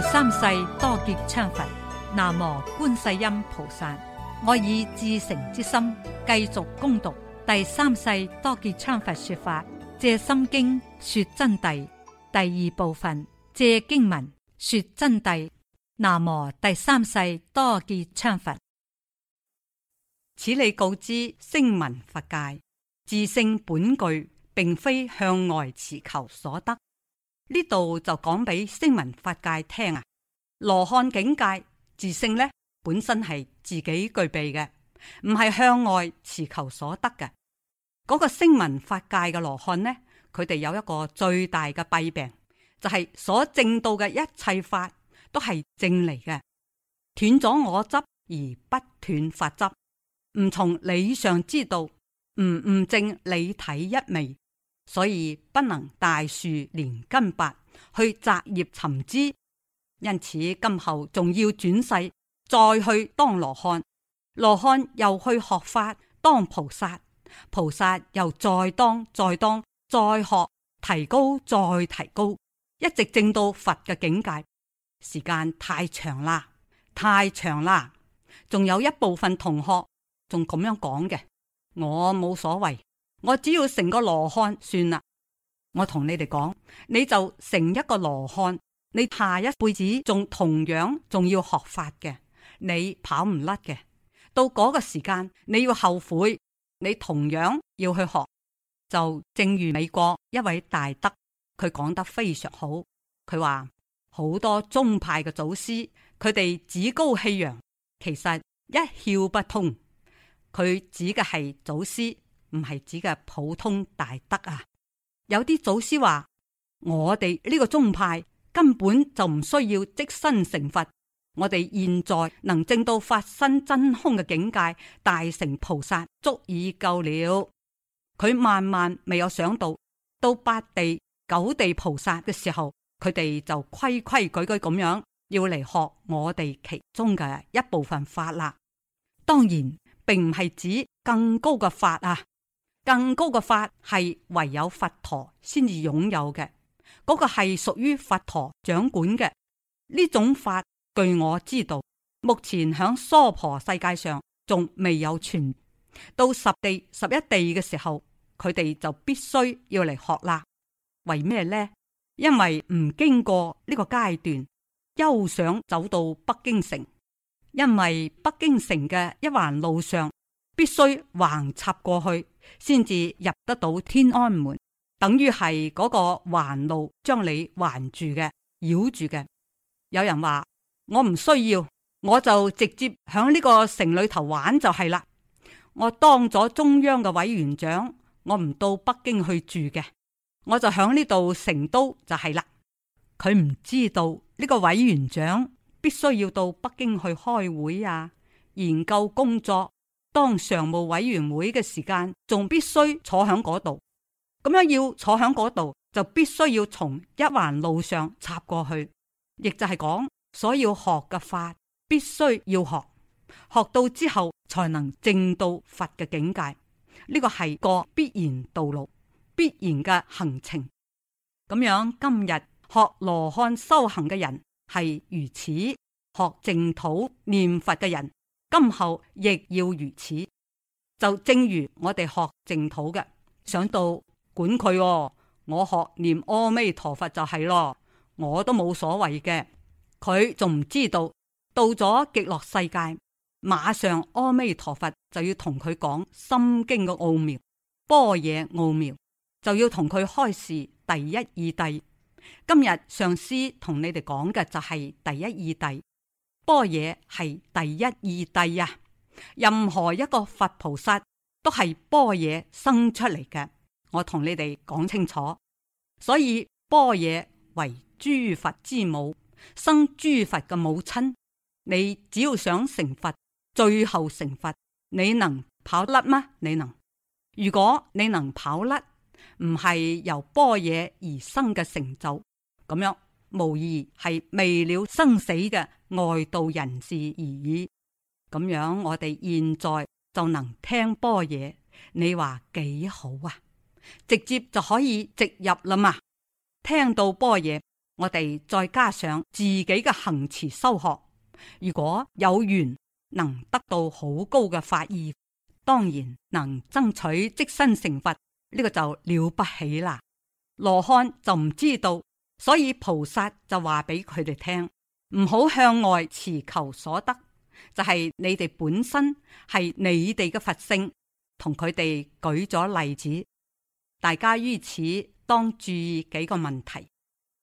第三世多杰羌佛，南無觀世音菩薩。我以至誠之心，繼續恭讀第三世多杰羌佛說法《藉心經》說真諦第二部分《藉經文說真諦》，南無第三世多杰羌佛。此理告知聲聞佛界，自性本具，並非向外持求所得。呢度就講俾聲聞法界聽啊，羅漢境界自性呢，本身係自己具備嘅，唔係向外持求所得嘅。嗰、那個聲聞法界嘅羅漢呢，佢哋有一個最大嘅弊病，就係、是、所證到嘅一切法都係正嚟嘅，斷咗我執而不斷法執，唔從理上知道，唔悟正理體一味。所以不能大樹連根拔，去摘葉尋枝，因此今後仲要轉世，再去當羅漢，羅漢又去學法當菩薩，菩薩又再當再當再學提高再提高，一直正到佛嘅境界，時間太長啦，太長啦，仲有一部分同學仲咁樣講嘅，我冇所謂。我只要成個羅漢算啦，我同你哋講，你就成一個羅漢，你下一輩子仲同樣仲要學法嘅，你跑唔甩嘅。到嗰個時間你要後悔，你同樣要去學。就正如美國一位大德，佢講得非常好，佢話好多宗派嘅祖師，佢哋趾高氣揚，其實一竅不通。佢指嘅係祖師。唔係指嘅普通大德啊！有啲祖師話：我哋呢個宗派根本就唔需要即身成佛，我哋現在能證到法身真空嘅境界，大乘菩薩足以夠了。佢萬萬未有想到，到八地九地菩薩嘅時候，佢哋就規規矩矩咁樣要嚟學我哋其中嘅一部分法啦。當然，並唔係指更高嘅法啊！更高嘅法係唯有佛陀先至擁有嘅，嗰個係屬於佛陀掌管嘅呢種法。據我知道，目前響娑婆世界上仲未有傳到十地、十一地嘅時候，佢哋就必須要嚟學啦。為咩呢？因為唔經過呢個階段，休想走到北京城。因為北京城嘅一環路上必須橫插過去。先至入得到天安門，等於係嗰個環路將你環住嘅，繞住嘅。有人話我唔需要，我就直接響呢個城裏頭玩就係啦。我當咗中央嘅委員長，我唔到北京去住嘅，我就響呢度成都就係啦。佢唔知道呢個委員長必須要到北京去開會啊，研究工作。當常務委員會嘅時間，仲必須坐響嗰度，咁樣要坐響嗰度，就必須要從一環路上插過去，亦就係講，所要學嘅法必須要學，學到之後才能證到佛嘅境界，呢個係個必然道路，必然嘅行程。咁樣今日學羅漢修行嘅人係如此，學淨土念佛嘅人。今後亦要如此，就正如我哋學淨土嘅，想到管佢，哦，我學念阿彌陀佛就係咯，我都冇所謂嘅。佢仲唔知道，到咗極樂世界，馬上阿彌陀佛就要同佢講心經嘅奧妙，般若奧妙就要同佢開示第一義諦。今日上司同你哋講嘅就係第一義諦。般若係第一義諦呀、啊。任何一個佛菩薩都係般若生出嚟嘅，我同你哋講清楚。所以般若為諸佛之母，生諸佛嘅母親。你只要想成佛，最後成佛，你能跑甩嗎？你能？如果你能跑甩，唔係由般若而生嘅成就，咁樣無疑係未了生死嘅。外道人士而已，咁樣我哋現在就能聽般若，你話幾好啊？直接就可以直入啦嘛，聽到般若，我哋再加上自己嘅行持修學。如果有緣能得到好高嘅法義，當然能爭取即身成佛，呢、這個就了不起啦。羅漢就唔知道，所以菩薩就話俾佢哋聽。唔好向外持求所得，就係、是、你哋本身係你哋嘅佛性。同佢哋舉咗例子，大家於此當注意幾個問題。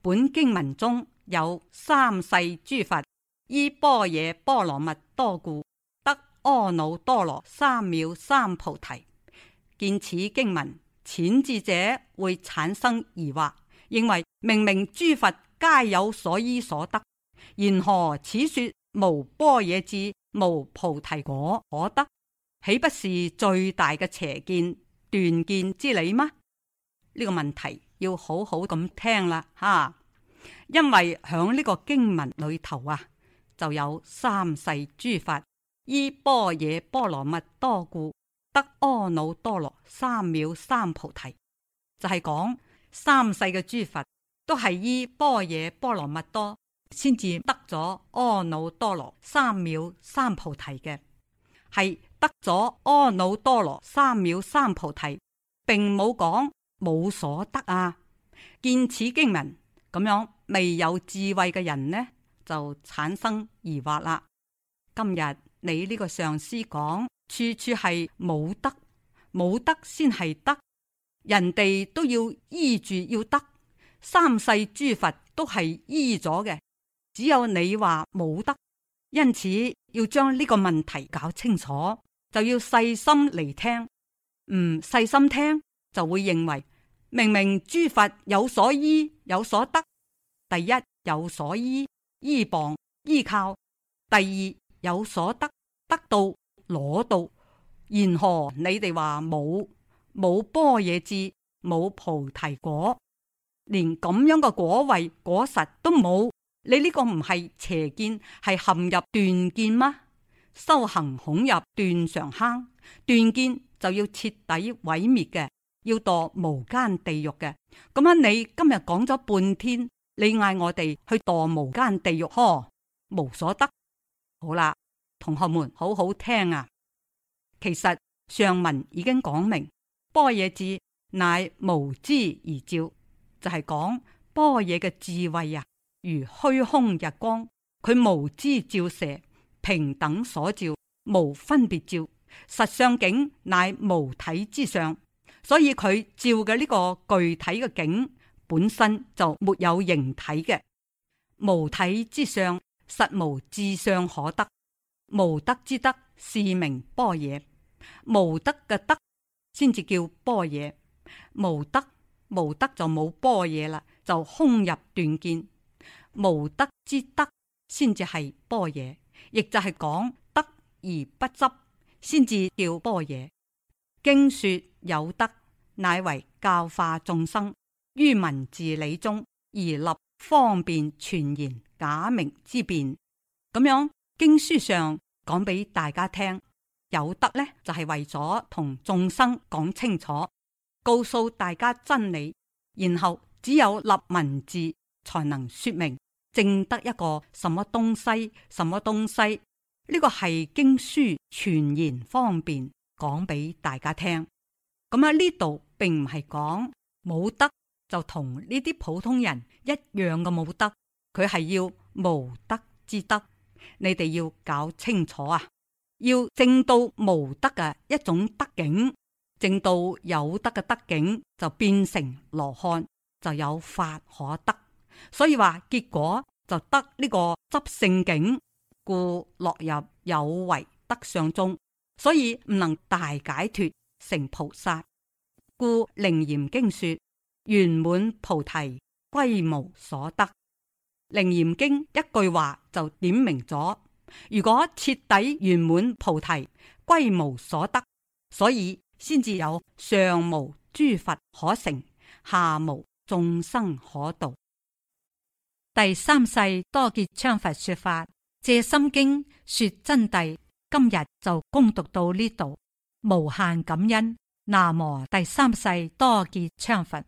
本經文中有三世諸佛依般若波羅蜜多故得阿耨多羅三藐三菩提。見此經文淺智者會產生疑惑，認為明明諸佛皆有所依所得。然何此說無般若智，無菩提果可得，豈不是最大嘅邪見、斷見之理嗎？呢、這個問題要好好咁聽啦，吓，因為響呢個經文裏頭啊，就有三世諸佛依般若波羅蜜多故得阿耨多羅三藐三菩提，就係、是、講三世嘅諸佛都係依般若波羅蜜多。先至得咗阿耨多羅三藐三菩提嘅，係得咗阿耨多羅三藐三菩提，並冇講冇所得啊！見此經文咁樣，未有智慧嘅人呢，就產生疑惑啦。今日你呢個上師講，處處係冇得，冇得先係得，人哋都要依住要得，三世諸佛都係依咗嘅。只有你話冇得，因此要將呢個問題搞清楚，就要細心嚟聽。唔細心聽，就會認為明明諸佛有所依，有所得。第一有所依，依傍依靠，第二有所得，得到攞到。然何你哋話冇，冇般若智，冇菩提果，連咁樣嘅果位果實都冇。你呢個唔係邪見，係陷入斷見嗎？修行恐入斷常坑，斷見就要徹底毀滅嘅，要墮無間地獄嘅。咁樣你今日講咗半天，你嗌我哋去墮無間地獄呵？無所得。好啦，同學們好好聽啊。其實上文已經講明，般若智乃無知而照，就係講般若嘅智慧啊。如虛空日光，佢無知照射，平等所照，無分別照實相境，乃無體之上，所以佢照嘅呢個具體嘅境本身就沒有形體嘅，無體之上實無至相可得，無德之德是名波嘢。無德嘅德先至叫波嘢。無德無德就冇波嘢啦，就空入斷見。無德之德，先至係般若，亦就係講德而不執，先至叫般若。經說有德，乃為教化眾生於文字理中而立方便傳言假名之辯。咁樣經書上講俾大家聽，有德呢，就係、是、為咗同眾生講清楚，告訴大家真理，然後只有立文字才能說明。正得一個什麼東西，什麼東西呢？呢個係經書傳言方便講俾大家聽。咁喺呢度並唔係講冇德就同呢啲普通人一樣嘅冇德，佢係要無德之德。你哋要搞清楚啊，要正到無德嘅一種德境，正到有德嘅德境就變成羅漢，就有法可得。所以話結果就得呢個執聖境，故落入有為得相中，所以唔能大解脱成菩薩。故《楞嚴經》說：圓滿菩提歸無所得。《楞嚴經》一句話就點明咗，如果徹底圓滿菩提歸無所得，所以先至有上無諸佛可成，下無眾生可度」。第三世多杰羌佛說法《藉心經》說真諦，今日就恭讀到呢度，無限感恩。南無第三世多杰羌佛。